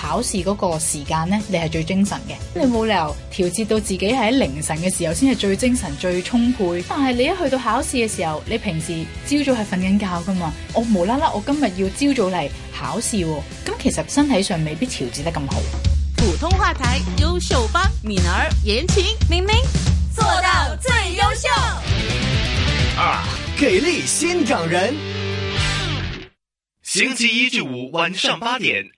考試嗰個時間呢？你係最精神嘅，你冇理由調節到自己喺凌晨嘅時候先係最精神、最充沛。但係你一去到考試嘅時候，你平時朝早係瞓緊覺噶嘛？我無啦啦，我今日要朝早嚟考試，咁其實身體上未必調節得咁好。普通話台優秀班敏兒言情明明做到最優秀，啊，給力新掌人，星期一至五晚上八點。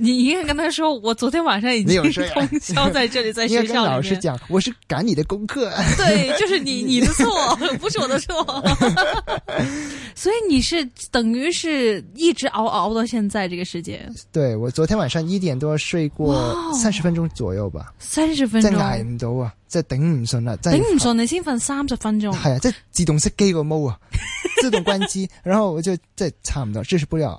你應該跟他說，我昨天晚上已經是通宵在這裏，啊、在學校裏面跟老師講，我是趕你的功課、啊。 對，就是你你的錯， 不是我的錯。 所以你是等於是一直熬熬到現在這個時間。對，我昨天晚上一點多睡過三十分鐘左右吧。三十，wow, 分鐘。即挨唔到啊，即頂唔順啦，頂唔順你先瞓三十分鐘。係啊，即自動熄機個貓啊，自動關機， 然後我就即差不多支持不了。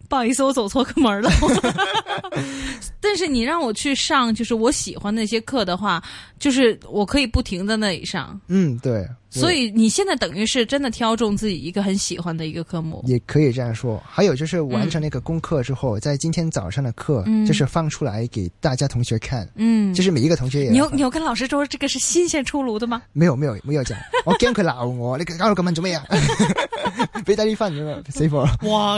不好意思，我走錯個門了。 但是你讓我去上，就是我喜歡那些課的話，就是我可以不停在那裡上。嗯，對。所以你現在等於是真的挑中自己一個很喜歡的一個科目。也可以這樣說。還有就是完成那個功課之後，嗯、在今天早上的課就是放出來給大家同學看。嗯。就是每一個同學也有。你有你有跟老師說這個是新鮮出爐的嗎？沒有沒有沒有講。我驚佢鬧我，你搞到咁樣做咩啊？俾低啲分哇，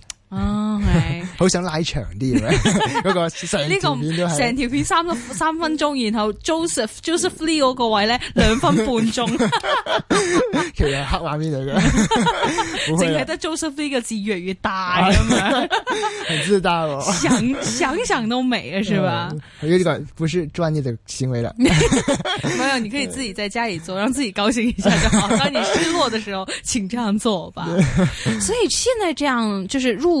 哦係、oh, okay. 好想拉長啲嘅，嗰個成呢個成條片三十三分鐘以，然後 Joseph Joseph Lee 嗰個位咧兩分半鐘，其實黑畫面嚟嘅，淨係得 Joseph Lee 嘅字越嚟越大咁樣， 很自大哦！ 想想想都美啊，是吧？ 嗯、我覺得呢個不是專業的行為啦， 沒有，你可以自己在家裏做，讓自己高興一下就好。當 你失落的時候，請這樣做吧。 所以現在這樣就是入。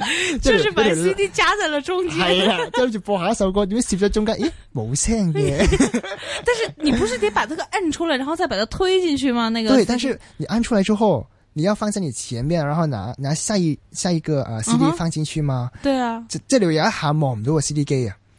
就是把 CD 夾在了中間 這，對對對對對，這樣就播下一首歌，點解插在中間？咦，冇聲嘅。 但是你不是得把這個按出來，然後再把它推進去嗎？那個，CD，對，但是你按出來之後，你要放在你前面，然後拿拿下一下一個啊、呃、CD 放進去嗎？嗯、對啊，這這裏有一下望唔到個 CD 機啊。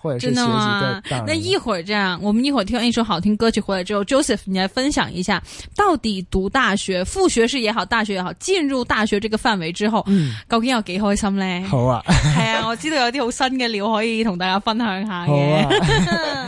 會是的嗎？真的，或那一會兒這樣，我們一會兒聽完一首好聽歌曲回來之後，Joseph，你來分享一下，到底讀大學，副學士也好，大學也好，進入大學這個範圍之後，嗯，究竟有幾開心呢？好啊，係啊，我知道有啲好新嘅料可以同大家分享下嘅。好啊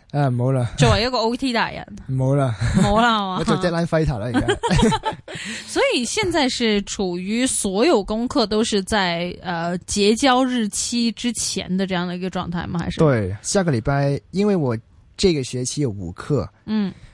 誒，冇啦、啊！作為一個 OT 大人，冇啦了，冇啦、啊， 我就 deadline fighter 啦而家。 所以現在是處於所有功課都是在誒、呃、結交日期之前的這樣的一個狀態嗎？還是？對，下個禮拜，因為我這個學期有五課，嗯。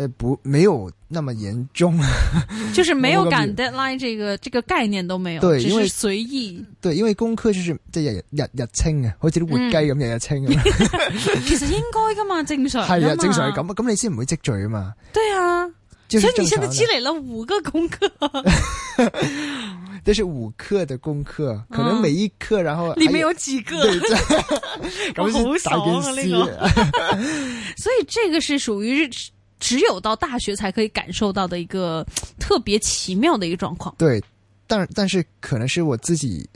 呃不，沒有那麼嚴重，就是沒有趕 deadline 這個這個概念都沒有，對，只是隨意。對，因為功課就是日日日日清啊，好似啲活雞咁日日清。其實應該噶嘛，正常。係啊，正常係咁啊，咁你先唔會積聚啊嘛。對啊，所以你現在積累了五個功課，這是五課的功課，可能每一課然後裏面有幾個，好爽啊！呢個，所以這個是屬於只有到大學才可以感受到的一個特別奇妙的一個狀況。對，但但是可能是我自己，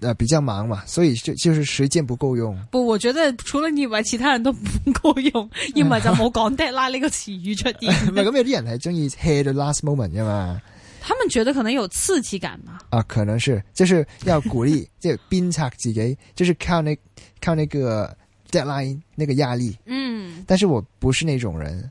呃，比較忙嘛，所以就就是時間不夠用。不，我覺得除了你以外，其他人都不夠用，嗯、因為就冇講 deadline 呢、嗯、個詞語出現。唔係，咁有啲人係中意 hit the last moment 噶嘛？他們覺得可能有刺激感嘛？啊，可能是，就是要鼓勵，即係鞭策自己，就是靠那靠那個 deadline 那個壓力。嗯，但是我不是那種人。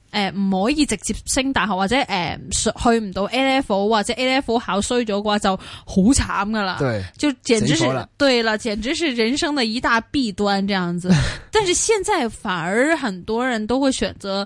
誒，唔、呃、可以直接升大學或者誒、呃，去唔到 A F 或者 A F 考衰咗嘅話，就好慘㗎喇。對，就簡直是，對啦，簡直是人生的一大弊端，這樣子。 但是現在反而很多人都會選擇。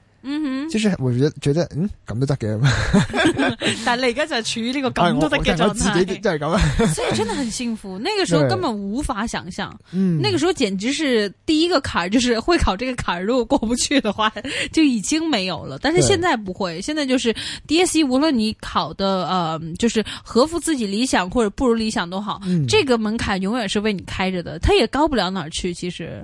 嗯哼，就是我覺覺得，嗯，咁都得嘅。但你而家就處於呢個咁都得嘅狀態，哎、 所以真的很幸福。那個時候根本無法想象，對那個時候簡直是第一個坎兒，就是會考這個坎兒，如果過不去的話，就已經沒有了。但是現在不會，對現在就是 DSE 無論你考的呃，就是合乎自己理想或者不如理想都好，對這個門檻永遠是為你開着的，它也高不了哪兒去，其實。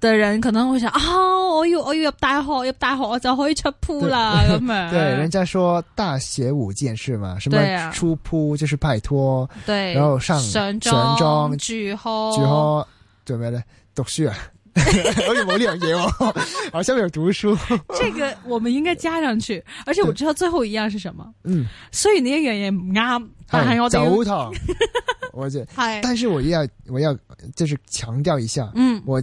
的人可能會想啊，我又我又入大學，入大學我就可以出 pool 啦咁樣。對，人家說大學五件事嘛，什麼出 pool 就是拍拖，對，然後上上上莊、住 hall、住 hall，做咩咧？讀書啊，我哋冇呢樣嘢喎，好像冇讀書。這個我們應該加上去，而且我知道最後一樣是什麼，嗯。所以呢一樣嘢唔啱，但係我走堂。我覺得係，但是我要我要就是強調一下，嗯，我。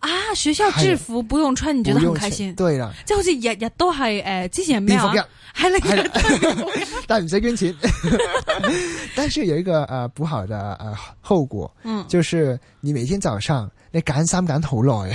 啊！學校制服不用穿，的你覺得很開心？對啦，即係好似日日都係誒，之前咩好嘅，係啦、啊，但係唔使捐錢，但是有一個誒、呃、不好的誒、呃、後果，嗯，就是你每天早上你揀衫揀好耐。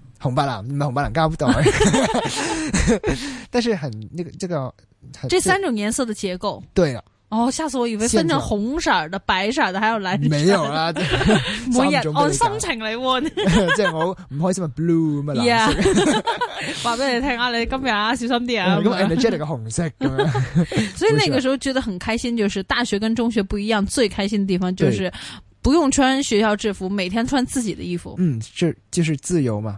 紅白藍，唔係紅白藍，搞不懂，但是很那個這個這三種顏色的結構，對了哦，嚇死我！以爲分成紅色的、白色的還有藍色，沒有啦，每日按心情來換，即係我唔開心咪 blue 嘛 yeah，話俾你聽啊，你今日啊小心啲啊，我今日 energetic 個紅色咁樣，所以那個時候覺得很開心，就是大學跟中學不一樣，最開心的地方就是不用穿學校制服，每天穿自己的衣服，嗯，就就是自由嘛。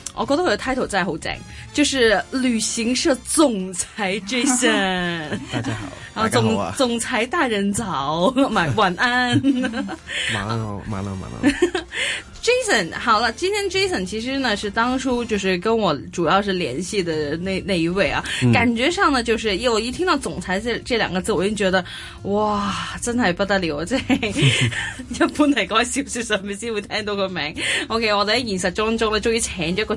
我覺得佢嘅 title 真係好正，就是旅行社總裁 Jason 總。 大家好，啊總啊總裁大人早，晚安。 晚安哦，晚安晚安。 Jason，好了，今天 Jason 其實呢，是當初就是跟我主要是聯繫的那那一位啊。嗯、感覺上呢，就是我一聽到總裁這這兩個字，我已經覺得哇，真係不得了。即係一般係嗰啲小說上面先會聽到個名。OK，我哋喺現實當中，中，呢，終於請咗、這個。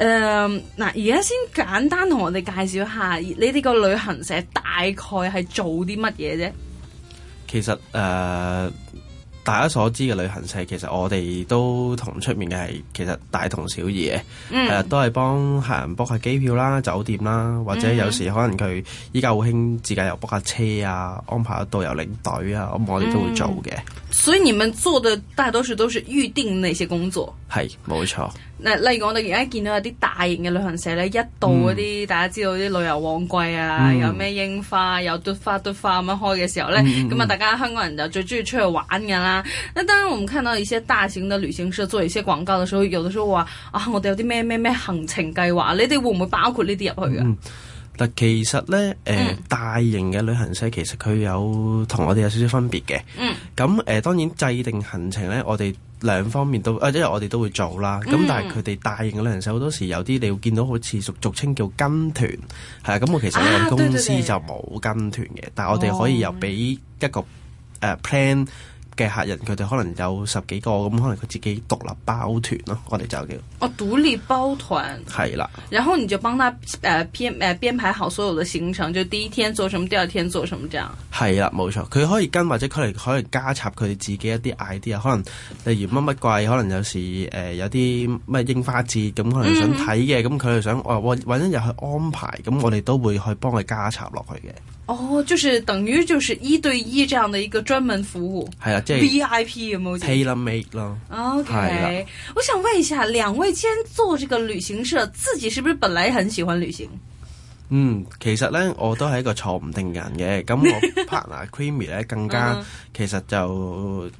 誒嗱，而家、um, 先簡單同我哋介紹一下，你哋個旅行社大概係做啲乜嘢啫？其實誒。呃大家所知嘅旅行社，其實我哋都同出面嘅係其實大同小異嘅，係啊、嗯，都係幫客人 book 下機票啦、酒店啦，或者有時可能佢依家好興自駕遊 book 下車啊，安排下導遊領隊啊，咁我哋都會做嘅、嗯。所以你們做的大多數都是預定那些工作，係冇錯。嗱，例如我哋而家見到有啲大型嘅旅行社咧，一到嗰啲、嗯、大家知道啲旅遊旺季啊，嗯、有咩櫻花有嘟花嘟花咁樣開嘅時候咧，咁啊、嗯，嗯、大家香港人就最中意出去玩㗎啦。那當然，我們看到一些大型的旅行社做一些廣告的時候，有的時候話啊，我哋有啲咩咩咩行程計劃，你哋會唔會包括呢啲入去嘅？嗱、嗯，但其實呢，誒、呃，嗯、大型嘅旅行社其實佢有同我哋有少少分別嘅。咁誒、嗯呃，當然制定行程呢，我哋兩方面都因為我哋都會做啦。咁、嗯、但係佢哋大型嘅旅行社好多時有啲，你會見到好似俗俗稱叫跟團，係啊。咁我其實我哋、啊、公司就冇跟團嘅，但係我哋可以又俾一個誒 plan。嘅客人佢哋可能有十幾個咁，可能佢自己獨立包團咯，我哋就叫哦獨立包團，係啦了。然後你就幫他誒編誒編排好所有嘅行程，就第一天做什麼，第二天做什麼，這樣係啦，冇錯。佢可以跟或者佢哋可以加插佢自己一啲 idea，可能例如乜乜季，可能有時誒、呃、有啲咩櫻花節咁，可能想睇嘅，咁佢、嗯哼呃、又想我搵一日去安排，咁我哋都會去幫佢加插落去嘅。哦，oh, 就是等於就是一對一這樣的一個專門服務，係啊，即係 V I P 咁咯，tailor made 咯。OK，、啊、我想問一下，兩位既然做這個旅行社，自己是不是本來很喜歡旅行？嗯，其實呢，我都係一個坐唔定人嘅，咁我 partner creamy 咧更加，其實就。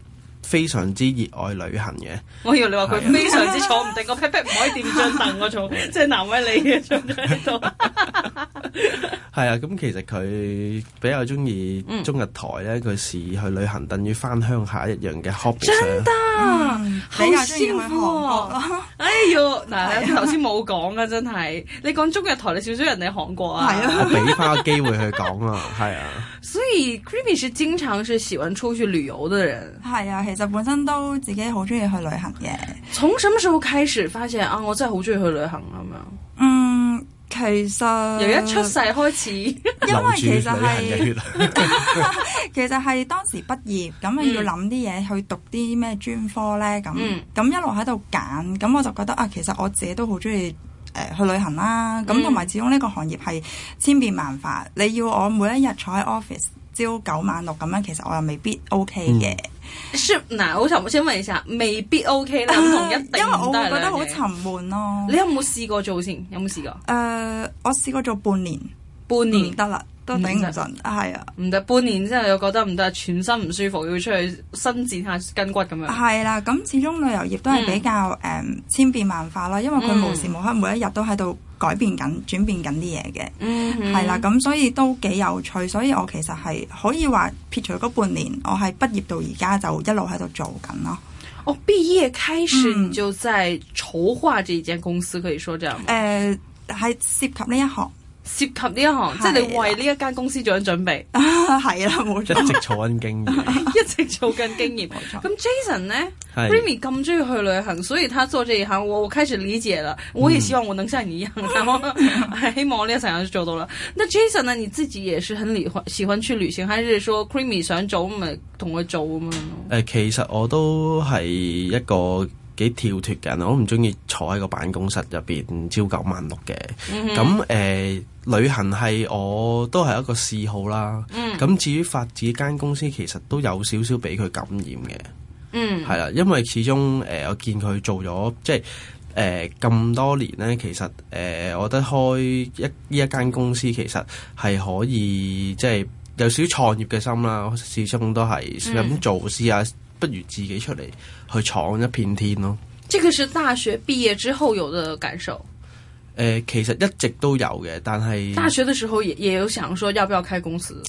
非常之熱愛旅行嘅，我以為你話佢非常之坐唔定個 pet pet 唔可以掂張凳嗰種，即係難為你嘅坐喺度。係啊，咁其實佢比較中意中日台咧，佢視去旅行等於翻鄉下一樣嘅 hobby 真得好舒服啊！哎呦，嗱，頭先冇講啊，真係你講中日台，你少少人哋韓國啊，啊，我俾翻個機會去講啊，係啊。所以 Creamy 是經常是喜歡出去旅遊的人，係啊。就本身都自己好中意去旅行嘅。從什麼時候開始發現啊？我真係好中意去旅行咁樣。嗯，其實由一出世開始，因為其實係 其實係當時畢業咁啊， 咪要諗啲嘢去讀啲咩專科咧。咁咁、嗯、一路喺度揀，咁我就覺得啊，其實我自己都好中意誒去旅行啦。咁同埋始終呢個行業係千變萬化，你要我每一日坐喺 office。朝九晚六咁樣，其實我又未必 OK 嘅。Shit 嗱、嗯，我想先問一下，未必 OK 啦，同一定，因為我會覺得好沉悶咯、啊。你有冇試過做先？有冇試過？誒、呃，我試過做半年，半年唔得啦、嗯，都頂唔順。係啊行，唔得了，半年之後又覺得唔得，全身唔舒服，要出去伸展下筋骨咁樣。係啦，咁始終旅遊業都係比較誒、嗯、千變萬化啦，因為佢無時無刻每一日都喺度。改變緊、轉變緊啲嘢嘅，係啦、mm，咁、hmm。所以都幾有趣。所以我其實係可以話撇除嗰半年，我係畢業到而家就一路喺度做緊咯。我、哦、畢業開始你就在籌劃這間公司，嗯、可以說這樣？誒、呃，係涉及呢一行。涉及呢一行，的即係你為呢一間公司做緊準備。係啦、啊，冇錯，沒一直做緊經驗， 一直做緊經驗，冇錯錯。咁 Jason 呢的 Creamy 咁中意去旅行，所以他做這一行，我我開始理解啦。我也希望我能像你一樣，希望呢一成日都做到啦。那 Jason 呢，你自己也是很離婚喜歡去旅行，還是說 Creamy 想做咪同佢做咁樣咯？誒、呃，其實我都係一個。幾跳脫嘅，我唔中意坐喺個辦公室入邊朝九晚六嘅。咁誒、mm hmm. 呃，旅行係我都係一個嗜好啦。咁、mm hmm. 至於發展間公司，其實都有少少俾佢感染嘅。嗯、mm，係、hmm. 啦，因為始終誒、呃，我見佢做咗即係誒咁多年咧，其實誒、呃，我覺得開一呢一間公司其實係可以即係有少少創業嘅心啦。始終都係咁做試下、mm。Hmm. 不如自己出嚟去闖一片天咯。這個是大學畢業之後有的感受。誒、呃，其實一直都有嘅，但係大學的時候也，也有想說要不要開公司。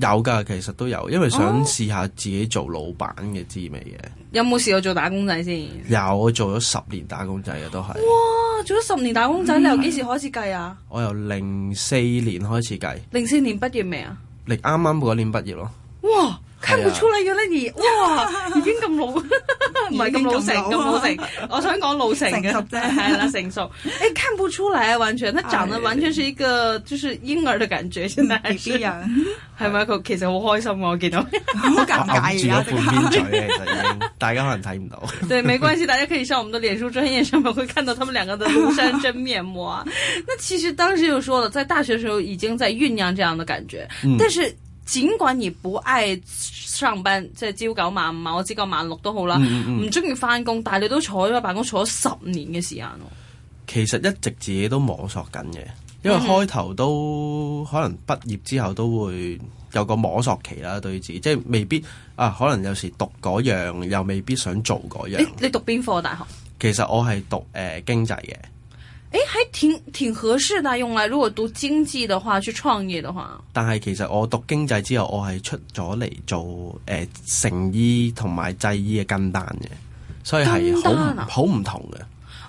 有噶，其實都有，因為想試下自己做老闆嘅滋味嘅、哦。有冇試過做打工仔先？有，我做咗十年打工仔嘅都係。哇，做咗十年打工仔，你由幾時開始計啊？我由零四年開始計。零四年畢業未啊？你啱啱嗰年畢業咯。哇！看不出來原來你哇，已經咁老，唔係咁老成，咁老成。我想講老成嘅啫，係啦成熟。哎，看不出來，完全，他長得完全是一個就是嬰兒的感覺，現在。比比呀！還有 Michael 其實好開心啊，見到。不敢假呀。半邊嘴其實大家可能睇唔到。對，沒關係，大家可以上我們的臉書專業上面會看到他們兩個的廬山真面目啊！那其實當時就說了，在大學的時候已經在醞釀這樣的感覺，但是。展慣而不哎，上班即係、就是、朝九晚五啊，我知個晚六都好啦。唔中意翻工，嗯、但係你都坐咗喺辦公，坐咗十年嘅時間。其實一直自己都摸索緊嘅，因為開頭都、嗯、可能畢業之後都會有個摸索期啦，對自己即係未必啊，可能有時讀嗰樣又未必想做嗰樣。你你讀邊科大學？其實我係讀誒、呃、經濟嘅。誒，還挺挺合適的用來，如果讀經濟的話，去創業的話。但係其實我讀經濟之後，我係出咗嚟做誒、呃、成衣同埋製衣嘅跟單嘅，所以係好好唔同嘅。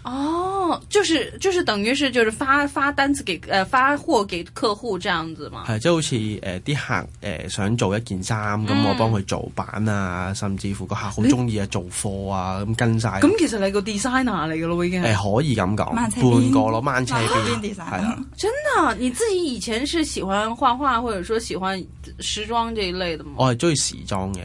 哦，oh, 就是就是等於是就是發發單子給，誒、呃，發貨給客戶這樣子嘛。係即係好似誒啲客誒、呃、想做一件衫咁，嗯、我幫佢做版啊，甚至乎個客好中意啊，做貨啊咁你跟晒。咁其實你個 designer 嚟噶咯，已經。誒、呃，可以咁講，慢車半個咯，慢車邊 designer。係啊，真的，你自己以前是喜歡畫畫，或者說喜歡時裝這一類的嗎？我係中意時裝嘅。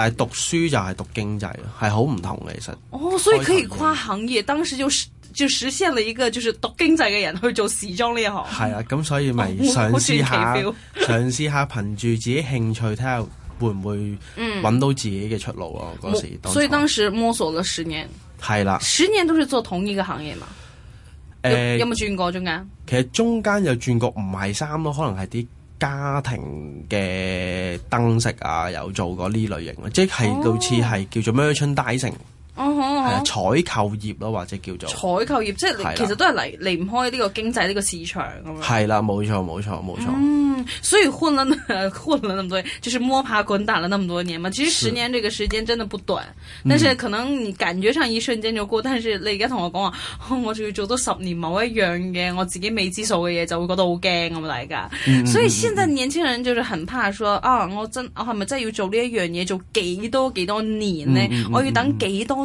但係讀書就係讀經濟，係好唔同嘅其實的。哦，所以可以跨行業，當時就就實現了一個，就係讀經濟嘅人去做時裝呢一行。係、嗯、啊，咁所以咪嘗試下，嘗試、哦、 下憑住自己興趣睇下會唔會搵到自己嘅出路咯。嗰、嗯、時，時，所以當時摸索咗十年。係啦了，十年都係做同一個行業嘛？誒，有冇轉、呃、過中間？其實中間有轉過，唔係衫咯，可能係啲。家庭嘅燈飾啊，有做過呢類型，即係類似係叫做 Merchandising。哦，係啊、oh, oh, oh.！採購業咯，或者叫做採購業。即係你其實都係離離唔開呢個經濟呢個市場咁樣。係啦，冇錯冇錯冇錯。錯錯，嗯，所以混咗，混咗咁多就是摸爬滾打咗咁多年嘛。其實十年這個時間真的不短，是但是可能你感覺上一瞬間就過、嗯、但係，你而家同我講話，我仲要做多十年某一樣嘅我自己未知數嘅嘢，就會覺得好驚咁，大家，嗯、所以現在年輕人就是很怕說，說啊，我真我係咪真係要做呢一樣嘢做幾多幾多年呢？嗯嗯嗯、我要等幾多？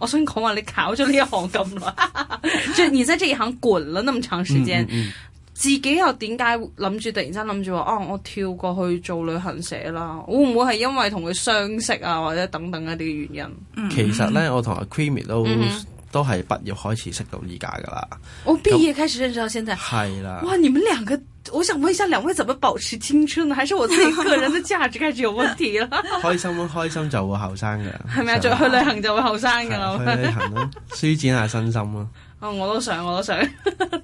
我想講話、啊，你考咗呢一行咁耐， 就你在這一行滾了咁麼長時間，嗯嗯嗯、自己又點解諗住突然間諗住話，哦、啊，我跳過去做旅行社啦？會唔會係因為同佢相識啊，或者等等一啲原因？其實咧，我同阿 Creamy 都、嗯、哼都係畢業開始識到而家噶啦。我畢業開始認識到現在，係啦。哇，你們兩個。我想問一下兩位，怎麼保持青春呢？還是我自己個人的價值開始有問題了？ 開心咯、啊，開心就會是是上後生噶，係咪？再去旅行就會後生噶咯，去旅行咯、啊，舒 展下身心咯、啊。哦，我都想，我都想，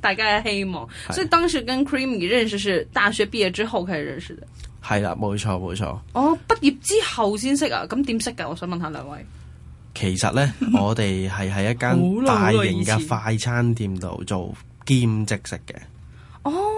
大家嘅希望。是所以當時跟 Creamy 認識是大學畢業之後嘅認識，係啦，冇錯冇錯。錯哦，畢業之後先識啊？咁點識噶、啊？我想問下兩位。其實咧，我哋係喺一間大型嘅快餐店度做兼職食嘅。 哦。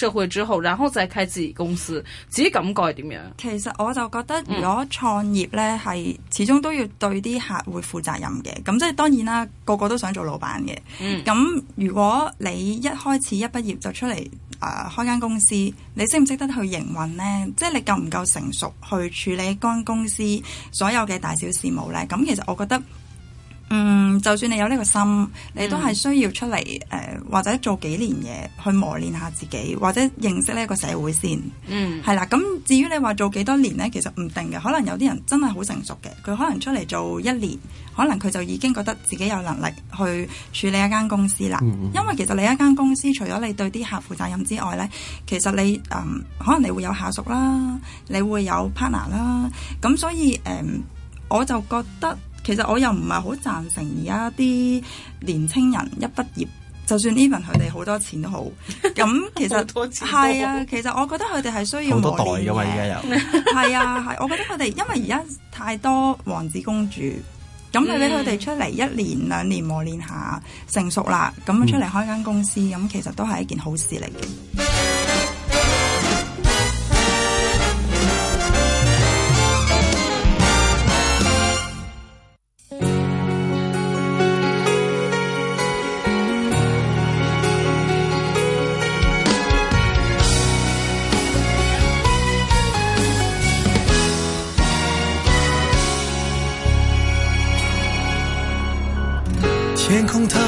社會之後，然後再開自己公司，自己感覺係點樣？其實我就覺得，如果創業呢，係、嗯、始終都要對啲客戶負責任嘅。咁即係當然啦，個個都想做老闆嘅。咁、嗯、如果你一開始一畢業就出嚟誒、呃、開一間公司，你識唔識得去營運呢？即係你夠唔夠成熟去處理間公司所有嘅大小事務呢？咁其實我覺得。嗯，就算你有呢個心，你都係需要出嚟、嗯呃、或者做幾年嘢去磨練下自己，或者認識呢個社會先。嗯，係啦。咁至於你話做幾多年呢？其實唔定嘅。可能有啲人真係好成熟嘅，佢可能出嚟做一年，可能佢就已經覺得自己有能力去處理一間公司啦。嗯嗯，因為其實你一間公司，除咗你對啲客負責任之外呢，其實你嗯、呃、可能你會有下屬啦，你會有 partner 啦。咁所以誒、呃，我就覺得。其實我又唔係好贊成而家啲年輕人一畢業，就算 even 佢哋好多錢都好，咁其實係 啊，其實我覺得佢哋係需要磨練好多代嘅嘛，而家又係啊，係、 啊，我覺得佢哋因為而家太多王子公主，咁俾佢哋出嚟一年兩年磨練下，成熟啦，咁出嚟開一間公司，咁、嗯、其實都係一件好事嚟嘅。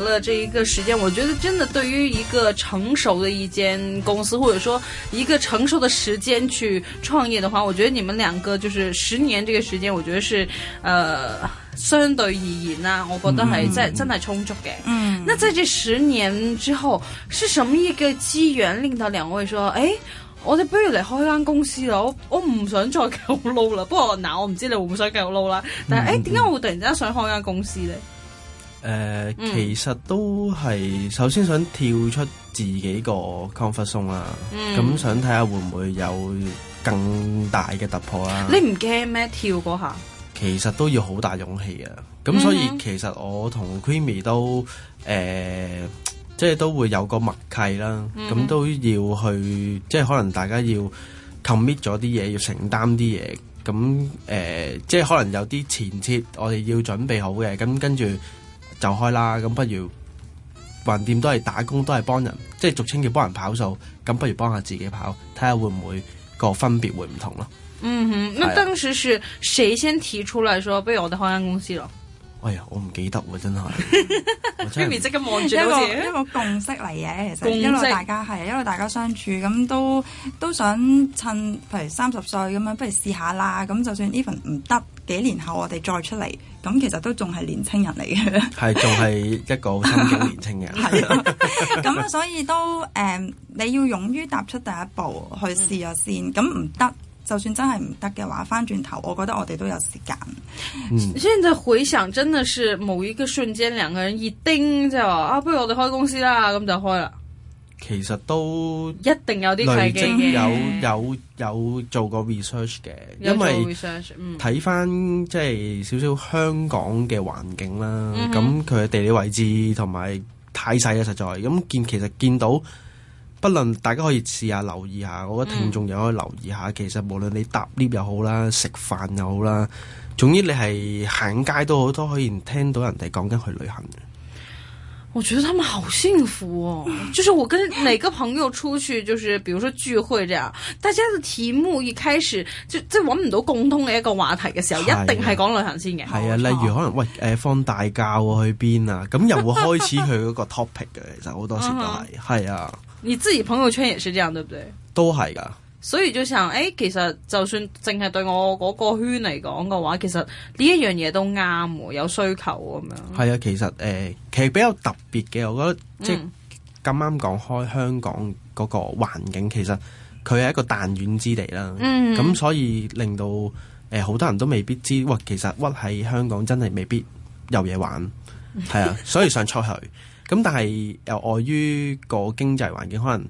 了這一個時間，我覺得真的對於一個成熟的一間公司，或者說一個成熟的時間去創業的話，我覺得你們兩個就是十年這個時間，我覺得是，呃相對而言啦，我覺得係、嗯、真真係充足嘅。嗯，那在這十年之後，是什麼一個機緣令到兩位說，誒，我哋不如嚟開間公司啦，我我唔想再繼續撈了。不過嗱，我唔知你會唔會想繼續撈啦。但係、嗯、誒，點解我會突然之間想開間公司咧？誒，呃嗯、其實都係首先想跳出自己個 comfort zone 啦、嗯。咁想睇下會唔會有更大嘅突破啦。你唔驚咩？跳嗰下其實都要好大勇氣啊。咁所以其實我同 Creamy 都誒、呃，即係都會有個默契啦。咁、嗯、都要去即係可能大家要 commit 咗啲嘢，要承擔啲嘢。咁誒、呃，即係可能有啲前設，我哋要準備好嘅。咁跟住，就開啦，咁不如橫掂都係打工，都係幫人，即係俗稱叫幫人跑數，咁不如幫下自己跑，睇下會唔會個分別會唔同咯。嗯，哼，咁當時是誰先提出嚟說不如我哋開間公司咯？哎呀，我唔記得喎，真係。一面即刻望住， 一個一個共識嚟嘅，其實，因為大家係，因為大家相處咁都都想趁，譬如三十歲咁樣，不如試下啦。咁就算 even 唔得，幾年後我哋再出嚟。咁其實都仲係年青人嚟嘅，係仲係一個好新嘅年青人。咁 啊，所以都誒、嗯，你要勇於踏出第一步去試下、嗯、先。咁唔得，就算真係唔得嘅話，翻轉頭，我覺得我哋都有時間。現、嗯、在回想，真的是某一個瞬間兩個人一叮，即係話，啊，不如我哋開公司啦，咁就開啦。其實都一定有啲累積嘅，有有有做過 research 嘅，esearch，因為睇返、嗯、即係少少香港嘅環境啦，咁佢嘅、嗯、哼地理位置同埋太細嘅，實在咁見，其實見到，不論大家可以試下留意下，我覺得聽眾又可以留意下，嗯、其實無論你搭 lift 又好啦，食飯又好啦，總之你係行街都好，都可以聽到人哋講緊去旅行。我覺得他們好幸福哦，就是我跟每個朋友出去，就是，比如說聚會這樣，大家的題目一開始即即係搵唔到共通嘅一個話題嘅時候，是的一定係講旅行先嘅。係啊的，像例如可能喂，誒、呃、放大假我去邊啊，咁又會開始去嗰個 topic 嘅， 其實好多時都係，係啊。你自己朋友圈也是這樣，對不對？都係噶。所以最常、哎，其實就算淨係對我嗰個圈嚟講嘅話，其實呢一樣嘢都啱喎，有需求咁樣。係啊，其實、呃、其實比較特別嘅，我覺得、嗯、即係咁啱講開香港嗰個環境，其實佢係一個彈丸之地啦。嗯。咁所以令到呃、好多人都未必知，喂、呃、其實屈喺香港真係未必有嘢玩，係啊、嗯。所以想出去，咁 但係又、呃、礙於個經濟環境可能。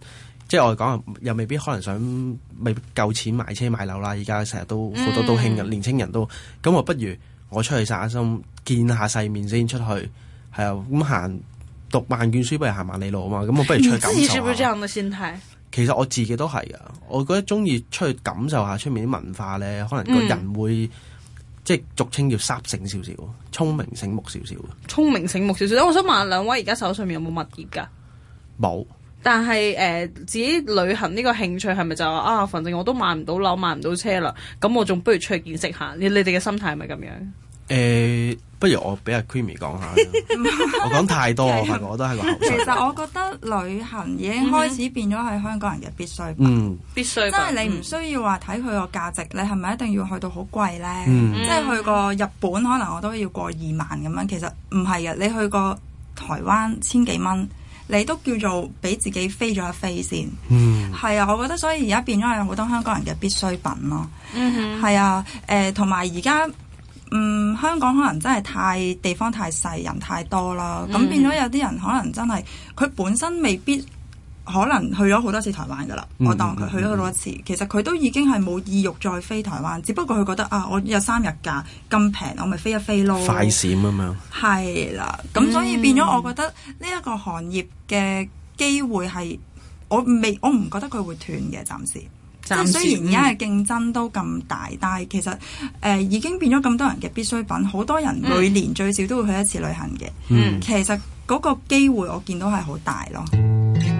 即係我哋講，又未必可能想，未必夠錢買車買樓啦。而家成日都好多都興、嗯、年青人都咁，咁我不如我出去散下心，見下世面先出去，係啊。咁、嗯、行讀萬卷書不如行萬里路啊嘛。咁我不如出去感受。你自己係咪係咁嘅心態？其實我自己都係啊，我覺得中意出去感受一下出面啲文化咧，可能個人會、嗯、即係俗稱叫生性少少，聰明醒目少少。聰明醒目少少，我想問下兩位，而家手上面有冇物業噶？冇。但係誒、呃，自己旅行呢個興趣係咪就話啊，反正我都買唔到樓買唔到車啦，咁我仲不如出去見識下。你你哋嘅心態係咪咁樣？誒、欸，不如我俾阿 Creamy 講下。 我講太多， 我，我都係個其實我覺得旅行已經開始變咗係香港人嘅必需品。嗯，必需。因為你唔需要話睇佢個價值，你係咪一定要去到好貴咧？嗯嗯、即係去個日本可能我都要過二萬咁樣，其實唔係啊，你去個台灣千幾蚊。你都叫做俾自己飛咗一飛先，嗯、係啊！我覺得所以而家變咗係好多香港人嘅必需品咯，嗯哼、係啊，誒同埋而家嗯香港可能真係太地方太細，人太多啦，咁變咗有啲人可能真係佢本身未必。可能去咗好多次台灣㗎喇，嗯、我當佢去咗好多次，嗯嗯、其實佢都已經係冇意欲再飛台灣，只不過佢覺得啊，我有三日假咁平，我咪飛一飛咯。快閃啊嘛。係啦的，咁、嗯、所以變咗，我覺得呢一個行業嘅機會係我未，我唔覺得佢會斷嘅，暫時。暫時即雖然而家嘅競爭都咁大，但係其實誒、呃、已經變咗咁多人嘅必需品，好多人每年最少都會去一次旅行嘅。嗯嗯、其實嗰個機會我見到係好大咯。嗯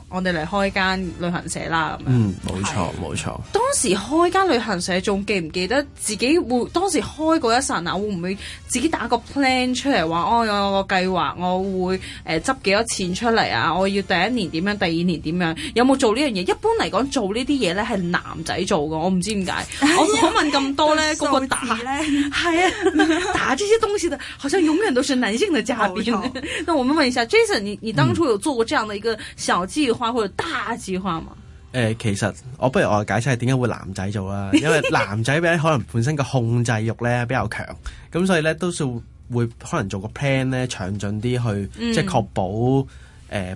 我哋嚟開間旅行社啦，咁樣。嗯，冇錯冇錯。啊、錯當時開間旅行社，仲記唔記得自己會當時開過一剎那，會唔會自己打個 plan 出嚟話，哦，有個計劃，我會誒執幾多錢出嚟啊？我要第一年點樣，第二年點樣？有冇做呢樣嘢？一般嚟講，做呢啲嘢咧係男仔做㗎，我唔知點解。我可好問咁多咧，個個打咧，係啊，打呢啲東西的，好像永遠都是男性的嘉賓。那錯 我們問一下 Jason，你你當初有做過這樣的一個小計劃？會有大計劃嗎？誒、呃，其實我不如我解釋係點解會男仔做啦，啊， 因為男仔咧可能本身個控制欲咧比較強，咁所以咧都算會可能做個 plan 咧詳盡啲去，即係確保誒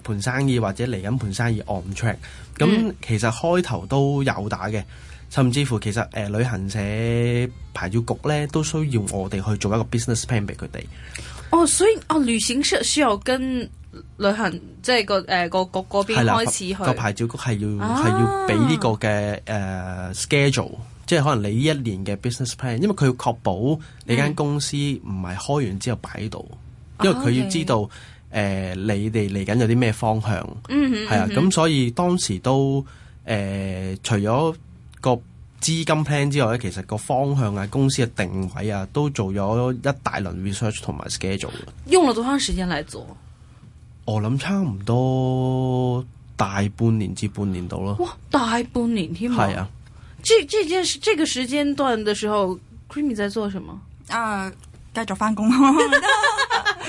盤生意或者嚟緊盤生意 on track，嗯。咁其實開頭都有打嘅，甚至乎其實誒、呃、旅行社牌照局咧都需要我哋去做一個 business plan 俾佢哋。哦，所以哦旅行社需要跟。旅行即係個誒、呃、個個嗰邊開始去個牌照局係要係、啊、要俾呢個嘅誒、uh, schedule，即係可能你呢一年嘅 business plan，因為佢要確保你間公司唔係開完之後擺喺度，嗯、因為佢要知道誒、啊 okay 呃、你哋嚟緊有啲咩方向，係啊，咁所以當時都誒、呃、除咗個資金 plan 之外咧，其實個方向啊、公司嘅定位啊，都做咗一大輪 research 同埋 schedule。用咗多長時間嚟做？我諗差唔多大半年至半年到咯，哇！大半年添，係啊！這這件事，這個時間段的時候，Creamy 在做什麼啊？繼續返工。 No!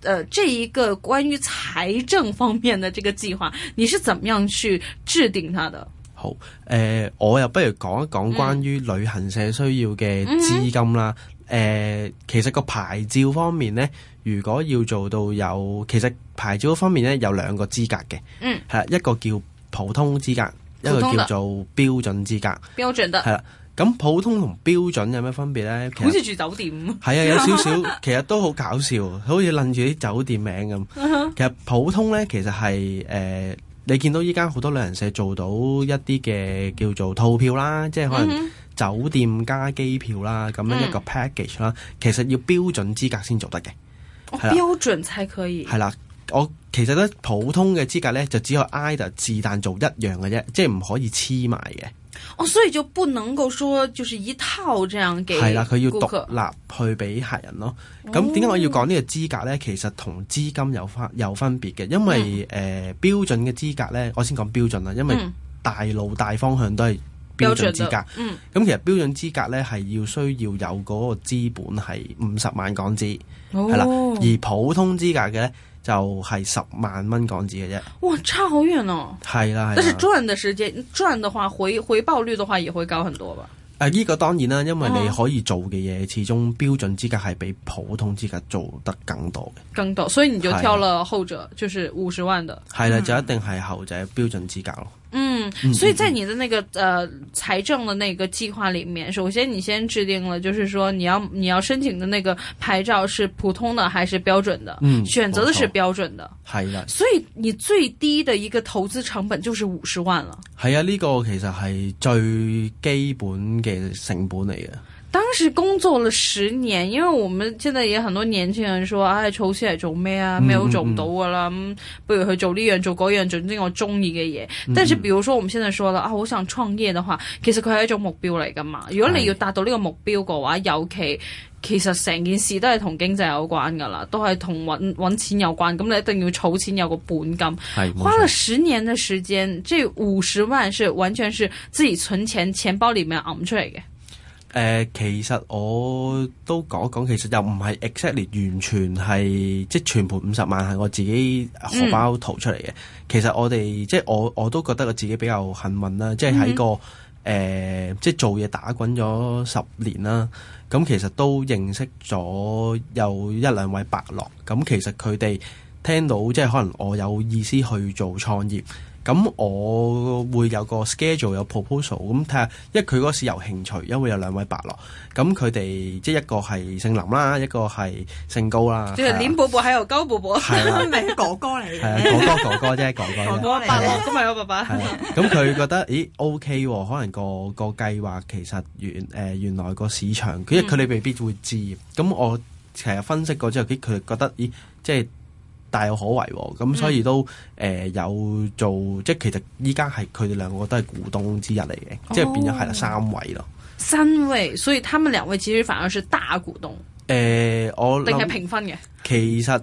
誒、呃，這一個關於財政方面的這個計劃，你是怎麼樣去制定它的？好。誒、呃，我又不如講一講關於旅行社需要嘅資金啦。誒、嗯嗯呃，其實個牌照方面呢，如果要做到有，其實牌照方面呢，有兩個資格嘅。嗯，係一個叫普通資格，一個叫做標準資格。標準的係啦。是咁普通同標準有咩分別咧？好似住酒店。係 啊，有少少，其實都好搞笑，好似諗住啲酒店名咁。Uh huh. 其實普通咧，其實係誒、呃，你見到依家好多旅行社做到一啲嘅叫做套票啦，即係可能酒店加機票啦，咁、mm hmm. 樣一個 package 啦，mm hmm. 其實要標準資格先做得嘅。哦啊、標準才可以。係啦、啊，我其實咧普通嘅資格咧，就只可以 either 自彈做一樣嘅啫，即係唔可以黐埋嘅。哦，oh, 所以就不能夠說就是一套這樣給係啦，佢、啊、要獨立去俾客人咯。咁點解我要講呢個資格呢？其實同資金有分有分別嘅，因為誒、嗯呃、標準嘅資格呢，我先講標準啦，因為大路大方向都係標準資格。咁、嗯、其實標準資格呢係要需要有嗰個資本係五十萬港紙係啦，而普通資格嘅呢。就係十萬蚊港紙嘅啫，哇，差好遠咯、哦。係啦，係但係賺嘅時間賺嘅話回回報率嘅話也會高很多吧。誒、啊，呢、這個當然啦，因為你可以做嘅嘢，哦、始終標準資格係比普通資格做得更多嘅，更多。所以你就挑了後者，是的就是五十萬嘅，係啦的，嗯、就一定係後者標準資格咯。嗯，所以在你的那個呃財政的那個計劃裏面，首先你先制定了，就是說你要你要申請的那個牌照是普通的還是標準的？嗯，選擇的是標準的，係啦。所以你最低的一個投資成本就是五十萬了。係啊，呢個其實係最基本嘅成本嚟嘅。當時工作了十年，因為我們現在也很多年輕人說，唉、哎嗯嗯嗯，儲錢嚟做咩啊？咩都做唔到噶啦，不如去做呢樣做嗰樣，總之我中意嘅嘢。但是，比如說我們現在說了，啊，好想創業的話，其實佢係一種目標嚟噶嘛。如果你要達到呢個目標嘅話，是尤其其實成件事都係同經濟有關噶啦，都係同揾揾錢有關。咁你一定要儲錢有個本金。是花了十年的時間，這五十萬是完全是自己存錢錢包裏面攞出嚟嘅。呃、其實我都講一講，其實又唔係 exactly 完全係即係全盤五十萬係我自己荷包掏出嚟嘅。嗯、其實我哋即係我我都覺得我自己比較幸運啦，即係喺個誒、嗯呃、即係做嘢打滾咗十年啦。咁其實都認識咗有一兩位伯樂。咁其實佢哋聽到即係可能我有意思去做創業。咁我會有個 schedule 有 proposal，咁睇下，因為佢嗰時有興趣，因為有兩位伯樂，咁佢哋即係一個係姓林啦，一個係姓高啦，即係林寶寶喺度高寶寶，係咪哥哥嚟？係啊，哥哥哥哥啫，哥哥。哥哥伯樂咁咪有爸爸。咁佢覺得，咦，OK，可能個個計劃其實原誒原來個市場，佢佢哋未必會知。咁我其實分析過之後，佢佢覺得，咦，即係。大有可為喎，咁所以都誒有做，嗯、即係其實依家係佢哋兩個都係股東之一嚟嘅，哦、即係變咗係啦三位咯。三位，所以他們兩位其實反而是大股東。誒、呃，我諗定係平分嘅。其實。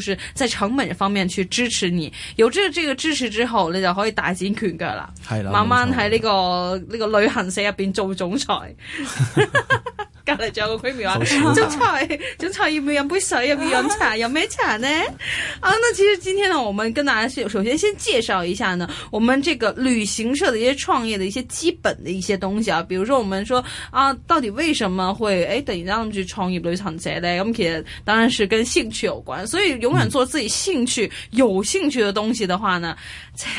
就是在成本方面去支持你，有這個呢個支持之後，你就可以大展拳腳啦。係啦的，慢慢喺呢、呢個呢錯個旅行社入邊做總裁。 剛才交過閨明啊，種菜種菜有咩樣，唔會成日有咩樣茶，有咩茶呢？ 啊，那其實今天呢，我們跟大家先首先先介紹一下呢，我們這個旅行社的一些創業的一些基本的一些東西啊，比如說我們說啊，到底為什麼會誒、欸，等一們去創業旅行社呢？我們其實當然是跟興趣有關，所以永遠做自己興趣、嗯、有興趣的東西的話呢，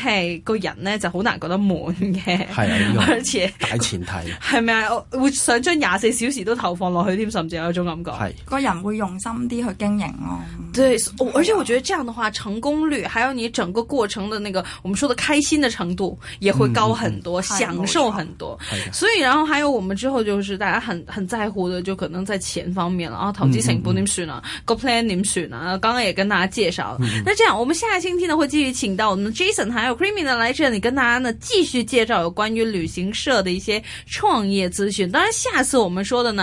喺個人咧就好難覺得悶嘅，係啊、嗯，而且大前提係咪啊？我會想將廿四小時都。投放落去添，甚至有一種感覺，是個人會用心啲去經營咯、啊。嗯、對，而且我覺得這樣的話，成功率，還有你整個過程的那個，我們說的開心的程度，也會高很多，嗯嗯享受很多。嗯、所以，然後還有我們之後就是大家很很在乎的，就可能在錢方面啦、嗯嗯嗯，啊，投資成本呢？啊，個 plan 啲選啊，剛剛、嗯嗯嗯啊、也跟大家介紹。嗯嗯那這樣，我們下個星期呢會繼續請到我們 Jason 還有 Creamy 呢來這裏跟大家呢繼續介紹有關於旅行社的一些創業資訊。當然，下次我們說的呢。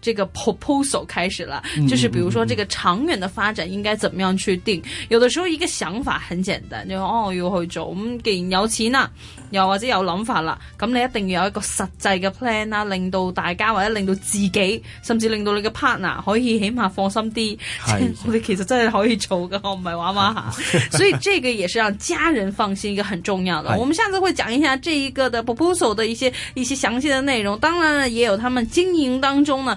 這個 proposal 開始了，就是比如說這個長遠的發展應該怎麼樣去定？嗯嗯、有的時候一個想法很簡單，就話哦，要去做。咁既然有錢啦，又或者有諗法啦，咁你一定要有一個實際嘅 plan 啦，令到大家或者令到自己，甚至令到你個 partner 可以起碼放心啲，的我哋其實真係可以做㗎，我唔係玩玩吓。是的 所以這個也是讓家人放心一個很重要的。的我們下次會講一下這一個的 proposal 的一些一些詳細的內容。當然了，也有他們經營當中呢。